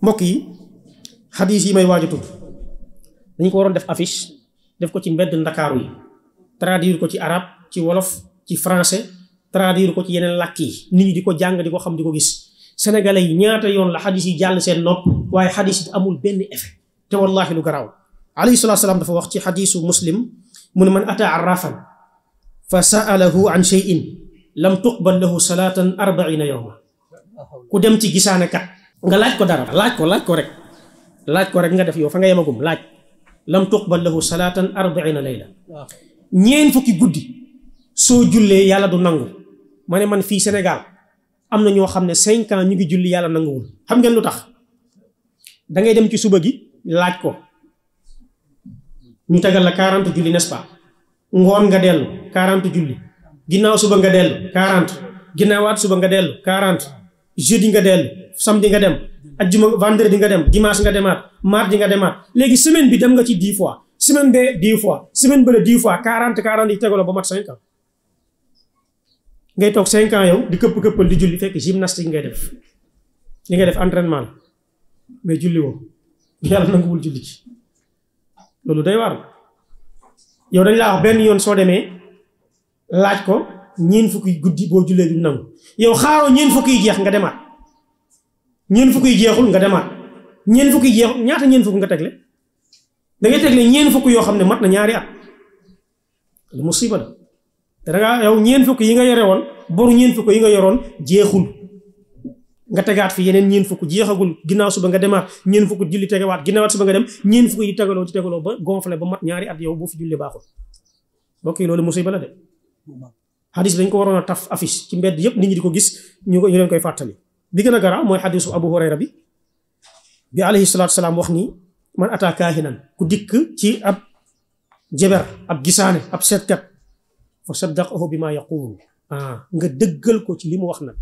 mbokk yi xadis yi may waaj tudd dañ ko waroon def affiche def ko ci mbedd ndakaaru yi traduire ko ci arab ci wolof ci français traduire ko ci yeneen làkk yi nit ñi di ko jàng di ko xam di ko gis senegale yi ñaata yoon la xadis yi jàll seen nopp waaye xadis yi amul benn effet te wallaahi lu garaaw alayhi salaatu salaam dafa wax ci xadisu muslim mu ne man ata arrafan fa saalahu an cheyin lam tuqbal lahu salaatan ku dem ci gisaanekat nga laaj ko dara laaj ko laaj ko rek laaj ko rek nga def yow fa nga yemagum laaj lam tuqbal lahu salaatan arbaina layla ñeen fukki guddi soo jullee yàlla du nangu ma ne man fii Sénégal am na ñoo xam ne cinq ñu ngi julli yàlla nanguwul xam ngeen lu tax da ngay dem ci suba gi laaj ko ñu tegal la 40 julli nest ngoon nga dellu 40 julli ginnaaw suba nga dellu 40 ginnaawaat suba nga dellu 40 jeudi nga dellu samedi nga dem ajjuma di nga dem dimanche nga demaat di nga demaat léegi semaine bi dem nga ci dix fois semaine bee dix fois semaine bële dix fois quarante quarante yi tegaloo ba mat cinq ans ngay toog cinq ans yow di këpp këppal di julli fekk gymnastique ngay def li ngay def entraînement la mais julli woo yàlla nanguwul julli ci loolu day waar yow dañ laa benn yoon soo demee laaj ko ñeen fukki guddi boo jullee du nangu yow xaaroo ñeen fukki jeex nga demaat ñeen fukk yi jeexul nga demaat ñeen fukk yi jeexul ñeen fukk nga tegle da ngay tegle ñeen fukk yoo xam ne mat na ñaari at lu musiba la ñeen fukk yi nga yore woon boru ñeen fukk yi nga yoroon jeexul nga tegaat fi yeneen ñeen fukk jeexagul ginnaaw suba nga demaat ñeen fukk julli tegewaat ginnaawaat suba nga dem ñeen fukk tegaloo ci tegaloo ba gonflé ba mat ñaari at yow boo fi julli baaxul mbokk yi loolu musiba la de xadis dañ ko waroon a taf affiche ci mbedd yëpp nit ñi di ko gis ñu ko ñu koy fàttali bi na gara garaaw mooy xadiisu abu hurayra bi bi alayhi salaatu salaam wax ni man ataa kaahinan ku dikk ci ab jeber ab gisaane ab seetkat fa saddaqahu bi maa yaquul ah, nga dëggal ko ci li mu wax nag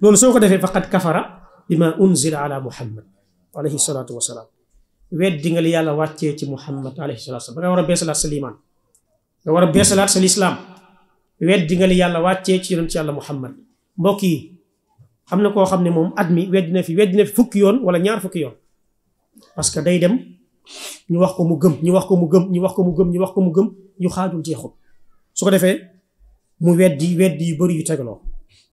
loolu soo ko defee faqad kafara bi maa unzila ala muhammad alayhi salaatu wasalaam weddi nga li yàlla wàccee ci muhammad alayhi salaatu wasalaam nga war a beesalaat sa liimaan nga war a beesalaat sa lislaam weddi nga li yàlla wàccee ci yonent yàlla muhammad mbokk yi am na koo xam ne moom at mi weddi na fi weddi na fi fukki yoon wala ñaar fukki yoon parce que day dem ñu wax ko mu gëm ñu wax ko mu gëm ñu wax ko mu gëm ñu wax ko mu gëm ñu xaajul jeexul su ko defee mu weddi weddi yu bëri yu tegaloo